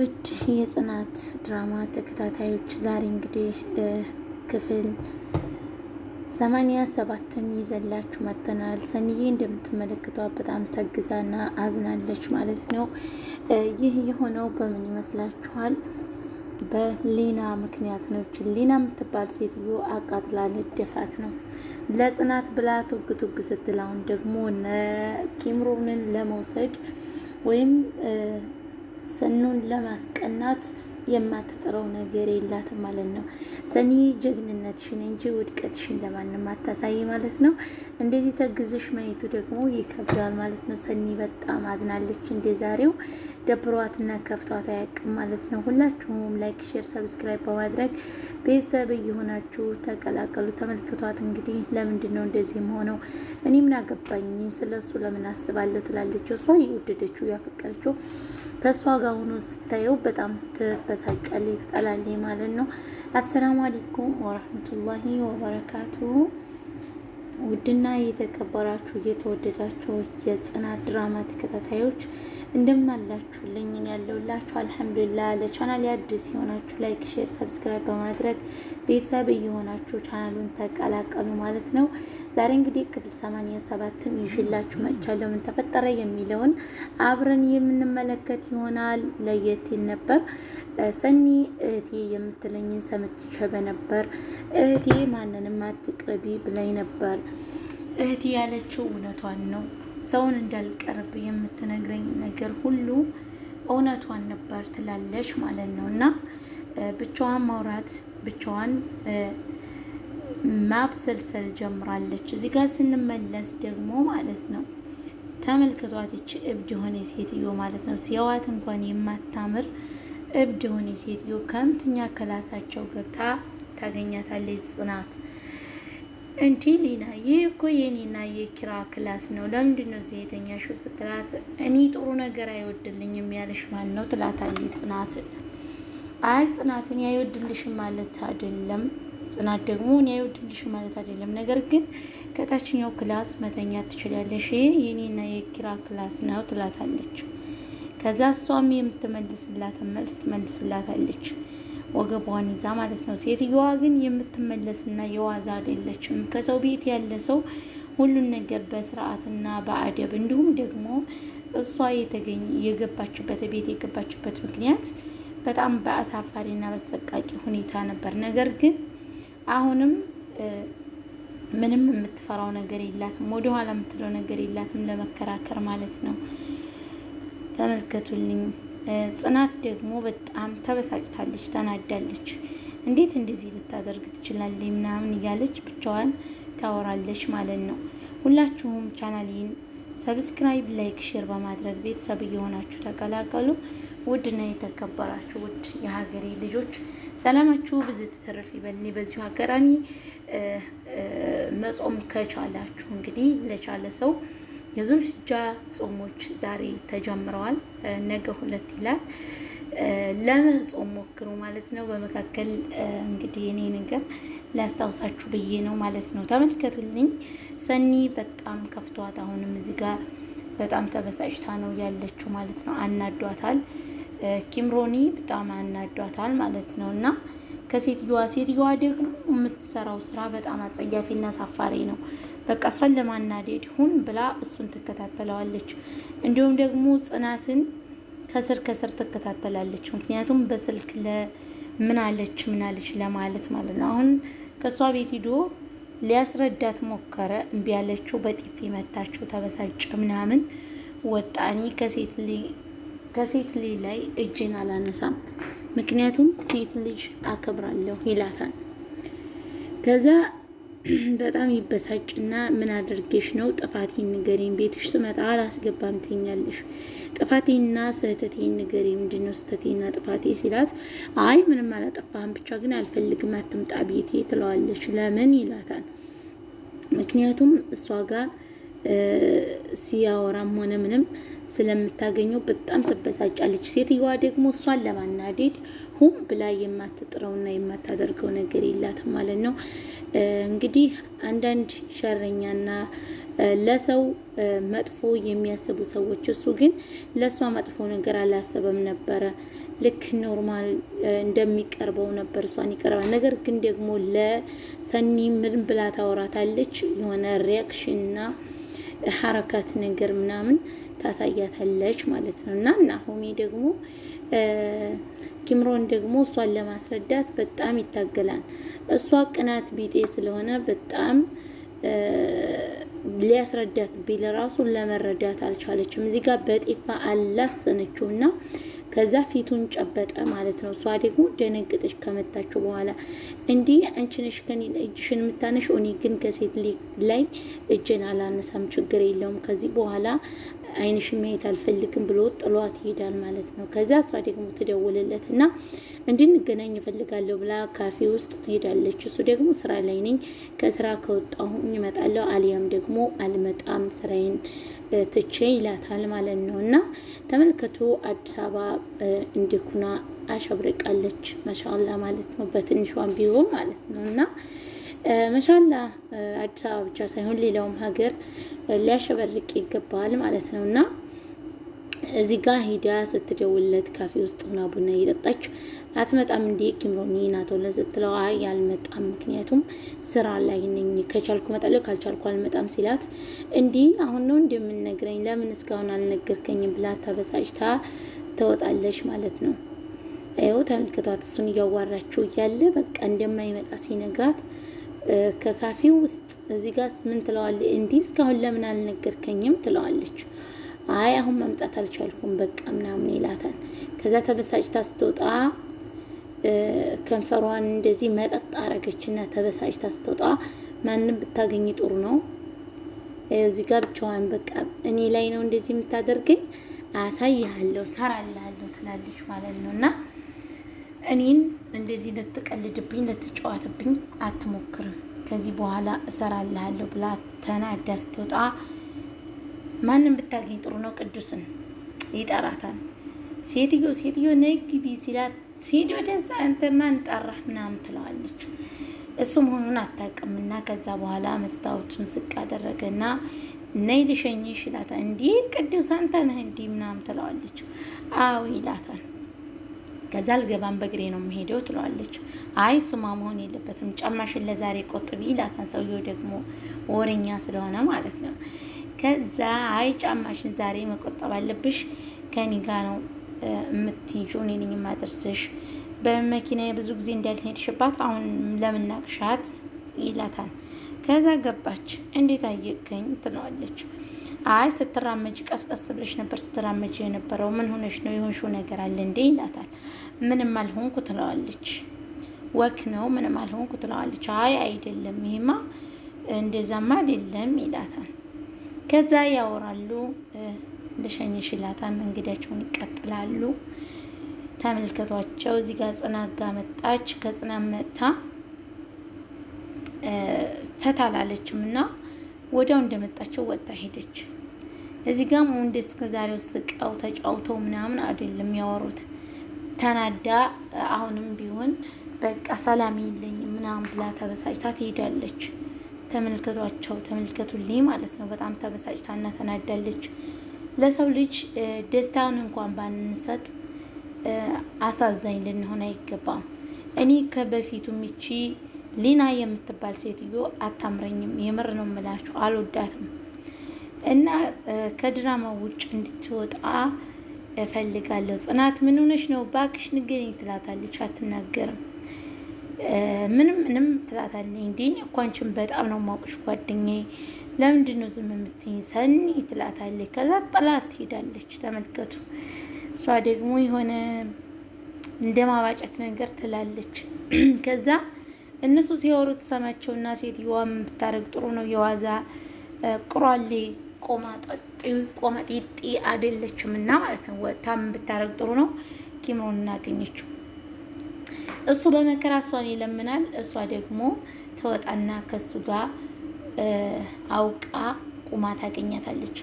ውድ የጽናት ድራማ ተከታታዮች ዛሬ እንግዲህ ክፍል ሰማንያ ሰባትን ይዘላችሁ መጥተናል። ሰንዬ እንደምትመለከቷት በጣም ተግዛና አዝናለች ማለት ነው። ይህ የሆነው በምን ይመስላችኋል? በሊና ምክንያት ነው። ሊና የምትባል ሴትዮ አቃጥላ ልደፋት ነው ለጽናት ብላ ቱግ ቱግ ስትል አሁን ደግሞ ኪምሮንን ለመውሰድ ወይም ሰኑን ለማስቀናት የማትጥረው ነገር የላትም ማለት ነው። ሰኒ ጀግንነትሽን እንጂ ውድቀትሽን ለማንም አታሳይ ማለት ነው። እንደዚህ ተግዝሽ ማየቱ ደግሞ ይከብዳል ማለት ነው። ሰኒ በጣም አዝናለች። እንደ ዛሬው ደብሯትና ከፍቷት አያውቅም ማለት ነው። ሁላችሁም ላይክ፣ ሼር፣ ሰብስክራይብ በማድረግ ቤተሰብ እየሆናችሁ ተቀላቀሉ። ተመልክቷት እንግዲህ ለምንድን ነው እንደዚህ መሆነው? እኔ ምን አገባኝ ስለ ለምን አስባለሁ ትላለችው። እሷ የወደደችው ያፈቀረችው ከእሷ ጋር ሆኖ ስታየው በጣም ትበሳጫለች፣ ትጠላለች ማለት ነው። አሰላሙ አሌይኩም ወረህመቱላሂ ወበረካቱሁ ውድና የተከበራችሁ የተወደዳችሁ የጽናት ድራማ ተከታታዮች እንደምን አላችሁልኝ? ያለውላችሁ አልሐምዱሊላህ። ለቻናል አዲስ የሆናችሁ ላይክ፣ ሼር፣ ሰብስክራይብ በማድረግ ቤተሰብ እየሆናችሁ ቻናሉን ተቀላቀሉ ማለት ነው። ዛሬ እንግዲህ ክፍል ሰማንያ ሰባትን ይሽላችሁ መቻለሁ ምን ተፈጠረ የሚለውን አብረን የምንመለከት ይሆናል። ለየት ነበር ሰኒ እህቴ የምትለኝን ሰምቼ በነበር እህቴ ማንንም አትቅረቢ ብላኝ ነበር እህት ያለችው እውነቷን ነው። ሰውን እንዳልቀርብ የምትነግረኝ ነገር ሁሉ እውነቷን ነበር ትላለች ማለት ነው። እና ብቻዋን ማውራት ብቻዋን ማብሰልሰል ጀምራለች። እዚህ ጋር ስንመለስ ደግሞ ማለት ነው ተመልክቷት፣ ይቺ እብድ የሆነ ሴትዮ ማለት ነው ሲያዋት እንኳን የማታምር እብድ የሆነ ሴትዮ ከምትኛ ከላሳቸው ገብታ ታገኛታለች ጽናት እንዲ ሊና ይህ እኮ የኔና የኪራ ክላስ ነው፣ ለምንድን ነው እዚህ የተኛሽው? ስትላት እኔ ጥሩ ነገር አይወድልኝም ያለሽ ማን ነው ትላታለች ጽናት። አይ ጽናት እኔ አይወድልሽም ማለት አይደለም ጽናት ደግሞ እኔ አይወድልሽም ማለት አይደለም፣ ነገር ግን ከታችኛው ክላስ መተኛት ትችላለሽ፣ ይህ የኔና የኪራ ክላስ ነው ትላታለች። ከዛ እሷም የምትመልስላትን መልስ ትመልስላታለች። ወገቧን ይዛ ማለት ነው። ሴትዮዋ ግን የምትመለስና የዋዛ አይደለችም። ከሰው ቤት ያለ ሰው ሁሉን ነገር በስርዓትና በአደብ እንዲሁም ደግሞ እሷ የተገኝ የገባችበት ቤት የገባችበት ምክንያት በጣም በአሳፋሪና በሰቃቂ ሁኔታ ነበር። ነገር ግን አሁንም ምንም የምትፈራው ነገር የላትም፣ ወደኋላ የምትለው ነገር የላትም ለመከራከር ማለት ነው። ተመልከቱልኝ። ጽናት ደግሞ በጣም ተበሳጭታለች፣ ተናዳለች። እንዴት እንደዚህ ልታደርግ ትችላለች? ምናምን እያለች ብቻዋን ታወራለች ማለት ነው። ሁላችሁም ቻናሌን ሰብስክራይብ፣ ላይክ፣ ሼር በማድረግ ቤተሰብ እየሆናችሁ ተቀላቀሉ። ውድና የተከበራችሁ ውድ የሀገሬ ልጆች ሰላማችሁ ብዙ ትትርፍ ይበልኝ። በዚሁ አጋጣሚ መጾም ከቻላችሁ እንግዲህ ለቻለ ሰው የዙልሕጃ ጾሞች ዛሬ ተጀምረዋል። ነገ ሁለት ይላል። ለመጾም ሞክሩ ማለት ነው። በመካከል እንግዲህ እኔ ነገር ሊያስታውሳችሁ ብዬ ነው ማለት ነው። ተመልከቱልኝ። ሰኒ በጣም ከፍቷት አሁንም እዚህ ጋር በጣም ተበሳጭታ ነው ያለችው ማለት ነው። አናዷታል። ኪምሮኒ በጣም አናዷታል ማለት ነው እና ከሴትዮዋ ሴትዮዋ ደግሞ የምትሰራው ስራ በጣም አጸያፊና ሳፋሪ ነው። በቃ እሷን ለማናደድ ሁን ብላ እሱን ትከታተለዋለች። እንዲሁም ደግሞ ጽናትን ከስር ከስር ትከታተላለች። ምክንያቱም በስልክ ምን ምናለች ለማለት ማለት ነው። አሁን ከእሷ ቤት ሂዶ ሊያስረዳት ሞከረ። እምቢ ያለችው በጥፊ መታቸው። ተበሳጨ ምናምን ወጣኒ ከሴት ከሴት ልጅ ላይ እጄን አላነሳም፣ ምክንያቱም ሴት ልጅ አከብራለሁ ይላታል። ከዛ በጣም ይበሳጭና ምን አድርጌሽ ነው? ጥፋቴን ንገሪኝ። ቤትሽ ስመጣ አላስገባም ትኛለሽ። ጥፋቴና ስህተቴን ንገሪኝ። ምንድን ነው ስህተቴና ጥፋቴ ሲላት፣ አይ ምንም አላጠፋህም፣ ብቻ ግን አልፈልግም፣ አትምጣ ቤቴ ትለዋለች። ለምን ይላታል። ምክንያቱም እሷ ጋር ሲያወራም ሆነ ምንም ስለምታገኘው በጣም ትበሳጫለች። ሴትየዋ ደግሞ እሷን ለማናደድ ሁም ብላ የማትጥረውና የማታደርገው ነገር የላትም ማለት ነው። እንግዲህ አንዳንድ ሸረኛና ለሰው መጥፎ የሚያስቡ ሰዎች፣ እሱ ግን ለእሷ መጥፎ ነገር አላሰበም ነበረ። ልክ ኖርማል እንደሚቀርበው ነበር እሷን ይቀርባል። ነገር ግን ደግሞ ለሰኒ ምን ብላ ታወራታለች የሆነ ሪያክሽንና ሀረካት ነገር ምናምን ታሳያታለች ማለት ነው። እና ናሆሜ ደግሞ ኪምሮን ደግሞ እሷን ለማስረዳት በጣም ይታገላል። እሷ ቅናት ቢጤ ስለሆነ በጣም ሊያስረዳት ቢል ራሱ ለመረዳት አልቻለችም። እዚህ ጋር በጤፋ አላሰነችውና ከዛ ፊቱን ጨበጠ ማለት ነው። እሷ ደግሞ ደነገጠች ከመታችው በኋላ እንዲህ አንቺ ነሽ ከኔ እጅሽን የምታነሽ፣ እኔ ግን ከሴት ላይ እጅን አላነሳም፣ ችግር የለውም ከዚህ በኋላ አይንሽ ማየት አልፈልግም ብሎ ጥሏት ይሄዳል ማለት ነው። ከዚያ እሷ ደግሞ ትደውልለት እና እንድንገናኝ እፈልጋለሁ ብላ ካፌ ውስጥ ትሄዳለች። እሱ ደግሞ ስራ ላይ ነኝ፣ ከስራ ከወጣሁ እመጣለሁ፣ አሊያም ደግሞ አልመጣም ስራዬን ትቼ ይላታል ማለት ነው። እና ተመልከቱ አዲስ አበባ እንዲኩና አሸብርቃለች። መሻላ ማለት ነው። በትንሿን ቢሆን ማለት ነው እና መሻላ አዲስ አበባ ብቻ ሳይሆን ሌላውም ሀገር ሊያሸበርቅ ይገባል ማለት ነው እና እዚህ ጋር ሂዳ ስትደውለት ካፌ ውስጥ ሆና ቡና እየጠጣች አትመጣም እንዴ ኪምሮኒ ናቶ ስትለው አይ ያልመጣም ምክንያቱም ስራ ላይ ነኝ፣ ከቻልኩ እመጣለሁ፣ ካልቻልኩ አልመጣም ሲላት እንዲህ አሁን ነው እንደምንነግረኝ ለምን እስካሁን አልነገርከኝም ብላ ተበሳጭታ ትወጣለች ማለት ነው። ይኸው ተመልክቷት እሱን እያዋራችው እያለ በቃ እንደማይመጣ ሲነግራት ከካፌ ውስጥ እዚህ ጋር ምን ትለዋለች? እንዲህ እስካሁን ለምን አልነገርከኝም? ትለዋለች። አይ አሁን መምጣት አልቻልኩም በቃ ምናምን ይላታል። ከዛ ተበሳጭታ ስትወጣ ከንፈሯን እንደዚህ መጠጥ አረገችና ተበሳጭታ ስትወጣ ማንም ብታገኝ ጥሩ ነው። እዚህ ጋር ብቻዋን በቃ እኔ ላይ ነው እንደዚህ የምታደርገኝ፣ አሳይሃለሁ፣ ሰራልሃለሁ ትላለች ማለት ነው እና እኔን እንደዚህ ልትቀልድብኝ ልትጫወትብኝ አትሞክርም፣ ከዚህ በኋላ እሰራልሃለሁ ብላ ተናዳ ስትወጣ ማንም ብታገኝ ጥሩ ነው። ቅዱስን ይጠራታል። ሴትዮ ሴትዮ ነይ ግቢ ሲላት ሲዶ ደዛ አንተ ማን ጠራህ? ምናምን ትለዋለች። እሱ መሆኑን አታውቅምና ከዛ በኋላ መስታወቱን ዝቅ አደረገና ነይ ልሸኝሽ ይላታል። እንዲህ ቅዱስ አንተ ነህ እንዲህ ምናምን ትለዋለች። አዎ ይላታል። ከዛ አልገባም በግሬ ነው የምሄደው ትለዋለች። አይ እሱማ መሆን የለበትም ጫማሽን ለዛሬ ቆጥቢ ይላታን ሰውየው ደግሞ ወረኛ ስለሆነ ማለት ነው። ከዛ አይ ጫማሽን ዛሬ መቆጠብ አለብሽ፣ ከኔ ጋ ነው የምትይዥው፣ እኔ ነኝ የማደርስሽ። በመኪና ብዙ ጊዜ እንዳልሄድሽባት አሁን ለምናቅሻት ይላታል። ከዛ ገባች። እንዴት አየቅኝ ትለዋለች። አይ ስትራመጅ ቀስቀስ ብለሽ ነበር ስትራመጅ የነበረው ምን ሆነሽ ነው? የሆንሽው ነገር አለ እንዴ ይላታል። ምንም አልሆንኩ ትለዋለች። ወክ ነው ምንም አልሆንኩ ትለዋለች። አይ አይደለም፣ ይሄማ እንደዛማ አይደለም ይላታል። ከዛ ያወራሉ። ልሸኝሽ ይላታል። መንገዳቸውን ይቀጥላሉ። ተመልከቷቸው። እዚህ ጋር ጽና ጋ መጣች። ከጽና መጥታ ፈታ አላለችም እና ወዲያው እንደመጣቸው ወጣ ሄደች። እዚህ ጋም ወንድ እስከዛሬው ስቀው ተጫውተው ምናምን አይደለም ያወሩት። ተናዳ አሁንም ቢሆን በቃ ሰላም የለኝም ምናምን ብላ ተበሳጭታ ትሄዳለች። ተመልከቷቸው፣ ተመልከቱልኝ ማለት ነው። በጣም ተበሳጭታ እና ተናዳለች። ለሰው ልጅ ደስታን እንኳን ባንሰጥ አሳዛኝ ልንሆን አይገባም። እኔ ከበፊቱ ሚቺ ሊና የምትባል ሴትዮ አታምረኝም። የምር ነው የምላችሁ፣ አልወዳትም እና ከድራማ ውጭ እንድትወጣ እፈልጋለሁ። ጽናት ምን ሆነሽ ነው? እባክሽ ንገሪኝ ትላታለች። አትናገርም። ምንም ምንም ትላታለች። እንዴ እኮ አንቺን በጣም ነው የማውቅሽ ጓደኛዬ፣ ለምንድን ነው ዝም የምትይኝ? ሰኒ ትላታለች። ከዛ ጥላት ትሄዳለች። ተመልከቱ። እሷ ደግሞ የሆነ እንደ ማባጨት ነገር ትላለች። ከዛ እነሱ ሲያወሩ ትሰማቸውና ሴትዮዋ ብታደርግ ጥሩ ነው የዋዛ ቁራሌ ቆማጠጥ ቆማጤጤ አይደለችም እና ማለት ነው። ወታም ብታረግ ጥሩ ነው። ኪምሮን እናገኘችው። እሱ በመከራ እሷን ይለምናል። እሷ ደግሞ ተወጣና ከሱ ጋር አውቃ ቁማ ታገኛታለች።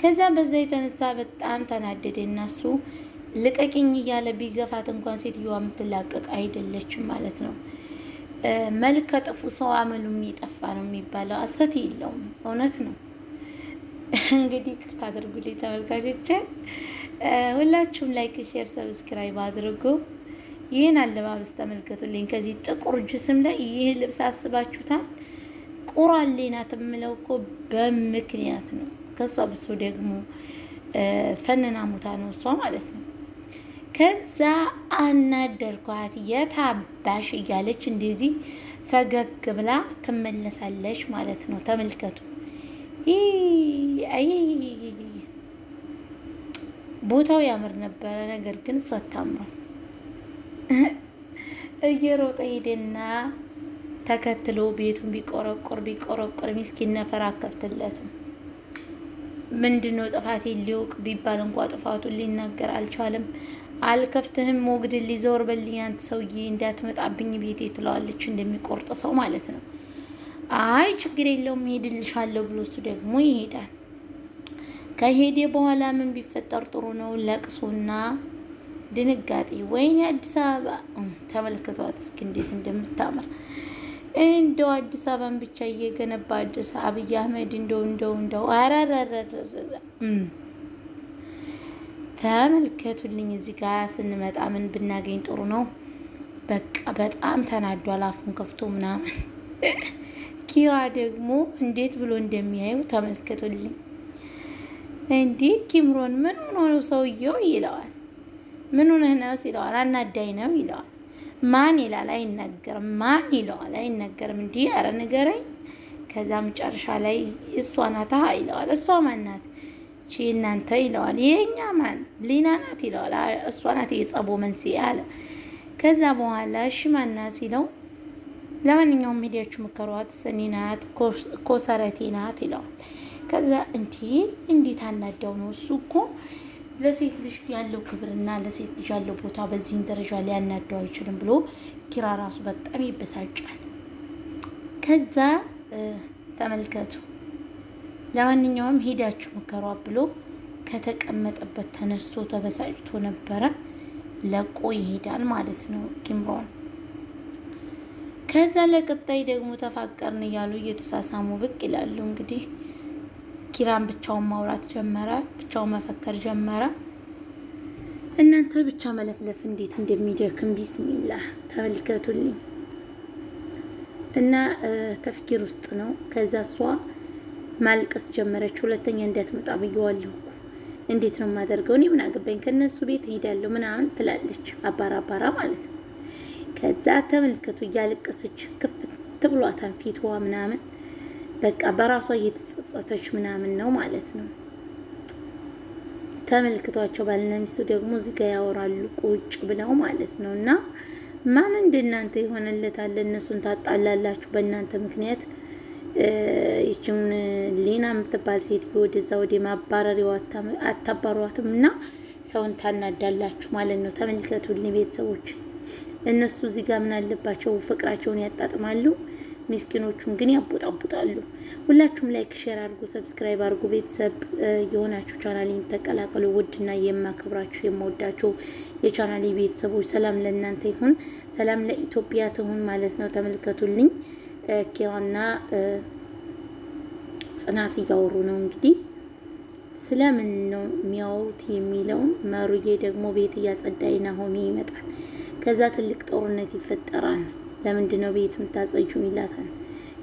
ከዛ በዛ የተነሳ በጣም ተናደደ እና እሱ ልቀቂኝ እያለ ቢገፋት እንኳን ሴትዮዋ የምትላቀቅ አይደለችም ማለት ነው። መልከ ጥፉ ሰው አመሉ የሚጠፋ ነው የሚባለው፣ አሰት የለውም። እውነት ነው። እንግዲህ ይቅርታ አድርጉልኝ ተመልካቾች፣ ሁላችሁም ላይክ፣ ሼር፣ ሰብስክራይብ አድርጉ። ይህን አለባበስ ተመልከቱልኝ። ከዚህ ጥቁር ጅስም ላይ ይህ ልብስ አስባችሁታል? ቁራሌ ናት የምለው እኮ በምክንያት ነው። ከእሷ ብሶ ደግሞ ፈንና ሙታ ነው እሷ ማለት ነው። ከዛ አናደርኳት የታባሽ እያለች እንደዚህ ፈገግ ብላ ትመለሳለች ማለት ነው። ተመልከቱ። ቦታው ያምር ነበረ። ነገር ግን እሱ አታምሯል። እየሮጠ ሄደና ተከትሎ ቤቱን ቢቆረቆር ቢቆረቆር ሚስኪን ነፈር አከፍትለትም። ምንድን ነው ጥፋቴ ሊውቅ ቢባል እንኳ ጥፋቱን ሊናገር አልቻለም። አልከፍትህም፣ ሞግድ ሊዞር በልኝ አንተ ሰውዬ እንዳትመጣብኝ ቤቴ ትለዋለች፣ እንደሚቆርጥ ሰው ማለት ነው። አይ ችግር የለውም ሄድልሻለሁ ብሎ እሱ ደግሞ ይሄዳል። ከሄደ በኋላ ምን ቢፈጠር ጥሩ ነው? ለቅሶና ድንጋጤ። ወይኔ አዲስ አበባ ተመልክቷት እስኪ እንዴት እንደምታምር እንደው አዲስ አበባን ብቻ እየገነባ አዲስ አብይ አህመድ እንደው እንደው እንደው አራራራራ ተመልከቱልኝ። እዚህ ጋር ስንመጣ ምን ብናገኝ ጥሩ ነው? በቃ በጣም ተናዷል፣ አፉን ከፍቶ ምናምን። ኪራ ደግሞ እንዴት ብሎ እንደሚያዩ ተመልከቱልኝ። እንዲህ ኪምሮን ምን ሆኖ ሰውየው ይለዋል። ምን ሆነህ ነው ይለዋል። አናዳኝ ነው ይለዋል። ማን ይላል አይነገርም። ማን ይለዋል አይነገርም። እንዲህ አረ ንገረኝ። ከዛ መጨረሻ ላይ እሷ ናታ ይለዋል። እሷ ማን ናት? ቺ እናንተ ይለዋል። የኛ ማን ሊና ናት ይለዋል። እሷ ናት የጸቡ መንስኤ አለ። ከዛ በኋላ እሺ ማን ናት ሲለው ለማንኛውም ሄዳችሁ ምከሯት፣ ሰኒ ናት፣ ኮሰረቴ ናት ይለዋል። ከዛ እንዲ እንዴት አናዳው ነው እሱ እኮ ለሴት ልጅ ያለው ክብርና ለሴት ልጅ ያለው ቦታ በዚህን ደረጃ ሊያናደው አይችልም ብሎ ኪራ ራሱ በጣም ይበሳጫል። ከዛ ተመልከቱ፣ ለማንኛውም ሄዳችሁ ምከሯ ብሎ ከተቀመጠበት ተነስቶ ተበሳጭቶ ነበረ። ለቆ ይሄዳል ማለት ነው ኪምሮን። ከዛ ለቀጣይ ደግሞ ተፋቀርን እያሉ እየተሳሳሙ ብቅ ይላሉ እንግዲህ ኪራን ብቻውን ማውራት ጀመረ፣ ብቻውን መፈከር ጀመረ። እናንተ ብቻ መለፍለፍ እንዴት እንደሚደክም ቢስሚላህ ተመልከቱልኝ። እና ተፍኪር ውስጥ ነው። ከዛ እሷ ማልቀስ ጀመረች። ሁለተኛ እንዳትመጣ ብየዋለሁ እኮ እንዴት ነው የማደርገው? እኔ ምን አገባኝ? ከእነሱ ቤት እሄዳለሁ ምናምን ትላለች። አባራ አባራ ማለት ነው። ከዛ ተመልከቱ እያለቀሰች ክፍት ብሏታን ፊትዋ ምናምን በቃ በራሷ እየተጸጸተች ምናምን ነው ማለት ነው። ተመልክቷቸው ባልና ሚስቱ ደግሞ እዚህ ጋ ያወራሉ ቁጭ ብለው ማለት ነው። እና ማን እንደ ይሆንለታል? እነሱን ታጣላላችሁ በእናንተ ምክንያት ይችን ሊና የምትባል ሴትዮ ወደዛ ወደ ማባረሪው አታባሯትም እና ሰውን ታናዳላችሁ ማለት ነው። ተመልከቱልኝ ቤተሰቦች፣ እነሱ እዚህ ጋር ምን አለባቸው? ፍቅራቸውን ያጣጥማሉ። ምስኪኖቹን ግን ያቦጣቡጣሉ። ሁላችሁም ላይክ፣ ሼር አድርጉ፣ ሰብስክራይብ አድርጉ። ቤተሰብ የሆናችሁ ቻናሌን ተቀላቀሉ። ውድና የማከብራችሁ የምወዳችሁ የቻናሌ ቤተሰቦች ሰላም ለእናንተ ይሁን፣ ሰላም ለኢትዮጵያ ትሁን ማለት ነው። ተመልከቱልኝ። ኪራና ጽናት እያወሩ ነው እንግዲህ ስለምን ነው የሚያወሩት የሚለውን መሩዬ ደግሞ ቤት እያጸዳይ ናሆሜ ይመጣል። ከዛ ትልቅ ጦርነት ይፈጠራል። ለምንድን ነው ቤት የምታጸጁም ይላታል።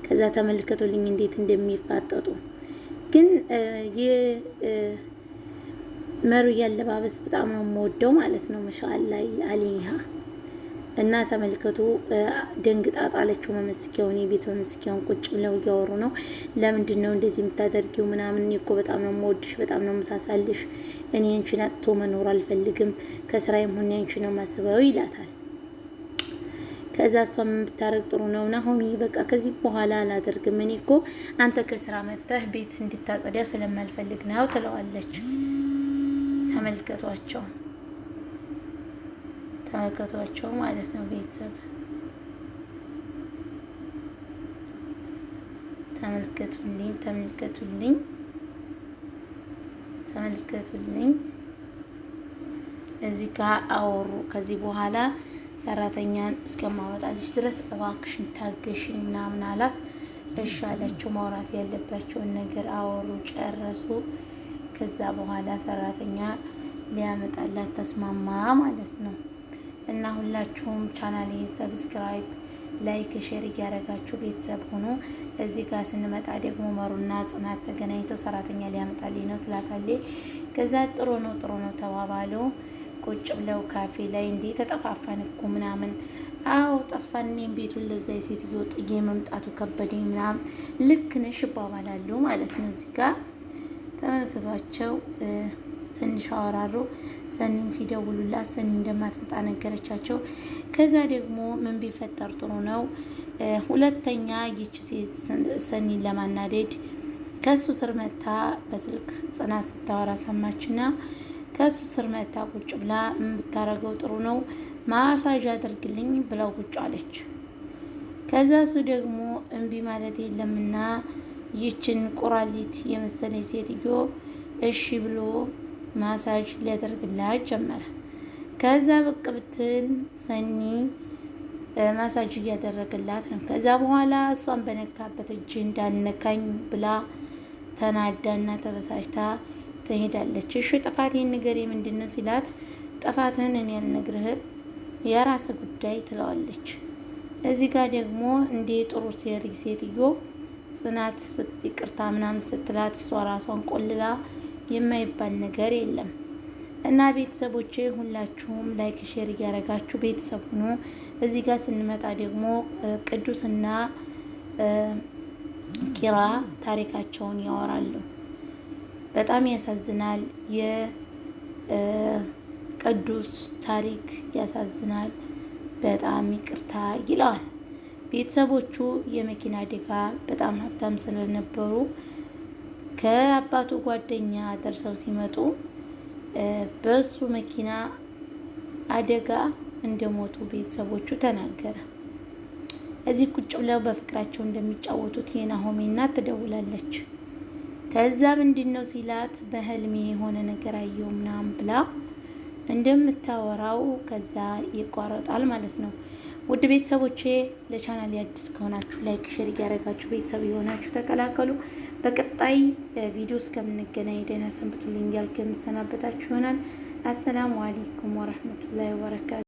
ከዛ ተመልከቱልኝ እንዴት እንደሚፋጠጡ ግን መሩ ያለባበስ በጣም ነው የምወደው ማለት ነው። መሻአላ አሊያ እና ተመልከቱ ደንግጣ ጣለችው። መመስኪያውን የቤት መመስኪያውን ቁጭ ብለው እያወሩ ነው። ለምንድን ነው እንደዚህ የምታደርጊው ምናምን፣ እኔ እኮ በጣም ነው የምወድሽ፣ በጣም ነው የምሳሳልሽ። እኔ አንቺን አጥቶ መኖር አልፈልግም። ከስራዬም ሆነ አንቺ ነው ማስበው ይላታል። ከዛ እሷ የምታረግ ጥሩ ነው ናሆሚ በቃ ከዚህ በኋላ አላደርግም። እኔ እኮ አንተ ከስራ መጥተህ ቤት እንድታጸዳ ስለማልፈልግ ነው ትለዋለች። ተመልከቷቸው ተመልከቷቸው ማለት ነው ቤተሰብ ተመልከቱልኝ ተመልከቱልኝ ተመልከቱልኝ። እዚህ ጋር አወሩ ከዚህ በኋላ ሰራተኛን እስከማመጣልሽ ድረስ እባክሽን ታገሽኝ ምናምን አላት። እሺ አለችው። ማውራት ያለባቸውን ነገር አወሩ፣ ጨረሱ። ከዛ በኋላ ሰራተኛ ሊያመጣላት ተስማማ ማለት ነው። እና ሁላችሁም ቻናሌ ሰብስክራይብ፣ ላይክ፣ ሼር እያደረጋችሁ ቤተሰብ ሆኖ እዚህ ጋር ስንመጣ ደግሞ መሩና ጽናት ተገናኝተው ሰራተኛ ሊያመጣልኝ ነው ትላታለች። ከዛ ጥሩ ነው ጥሩ ነው ተባባለው። ቁጭ ብለው ካፌ ላይ እንዴ ተጠፋፋን እኮ ምናምን አዎ ጠፋን። እኔም ቤቱን ለዛ የሴትዮ ጥዬ መምጣቱ ከበደኝ ምናምን ልክ ነሽ እባባላለሁ ማለት ነው። እዚህ ጋር ተመልክቷቸው ትንሽ አወራሩ። ሰኒን ሲደውሉላት ሰኒ እንደማትመጣ ነገረቻቸው። ከዛ ደግሞ ምን ቢፈጠር ጥሩ ነው ሁለተኛ ይች ሴት ሰኒን ለማናደድ ከእሱ ስር መታ በስልክ ጽናት ስታወራ ሰማችና ከሱ ስር መታ ቁጭ ብላ የምታረገው ጥሩ ነው ማሳጅ አድርግልኝ ብላው ቁጭ አለች። ከዛ እሱ ደግሞ እምቢ ማለት የለምና ይችን ቆራሊት የመሰለኝ ሴትዮ እሺ ብሎ ማሳጅ ሊያደርግላት ጀመረ። ከዛ ብቅ ብትል ሰኒ ማሳጅ እያደረገላት ነው። ከዛ በኋላ እሷን በነካበት እጅ እንዳነካኝ ብላ ተናዳና ተበሳጭታ ትሄዳለች። እሺ ጥፋቴን ንገሪኝ ምንድን ነው ሲላት፣ ጥፋትህን እኔ አልነግርህም የራስ ጉዳይ ትለዋለች። እዚህ ጋር ደግሞ እንዴ ጥሩ ሴሪ ሴትዮ ጽናት ይቅርታ ምናምን ስትላት እሷ ራሷን ቆልላ የማይባል ነገር የለም እና ቤተሰቦቼ ሁላችሁም ላይክ ሼር እያደረጋችሁ ቤተሰብ ሁኑ። እዚህ ጋር ስንመጣ ደግሞ ቅዱስና ኪራ ታሪካቸውን ያወራሉ። በጣም ያሳዝናል። የቅዱስ ታሪክ ያሳዝናል። በጣም ይቅርታ ይለዋል። ቤተሰቦቹ የመኪና አደጋ በጣም ሀብታም ስለነበሩ ከአባቱ ጓደኛ ደርሰው ሲመጡ በሱ መኪና አደጋ እንደሞቱ ቤተሰቦቹ ተናገረ። እዚህ ቁጭ ብለው በፍቅራቸው እንደሚጫወቱት የናሆሜ እናት ትደውላለች። ከዛ ምንድን ነው ሲላት በህልሜ የሆነ ነገር አየሁ ምናምን ብላ እንደምታወራው ከዛ ይቋረጣል ማለት ነው። ውድ ቤተሰቦቼ ለቻናል አዲስ ከሆናችሁ ላይክ፣ ሼር እያደረጋችሁ ቤተሰብ የሆናችሁ ተቀላቀሉ። በቀጣይ ቪዲዮ እስከምንገናኝ ደህና ሰንብቱልኝ እያልኩ የምሰናበታችሁ ይሆናል። አሰላሙ አሌይኩም ወረህመቱላሂ ወበረካቱ።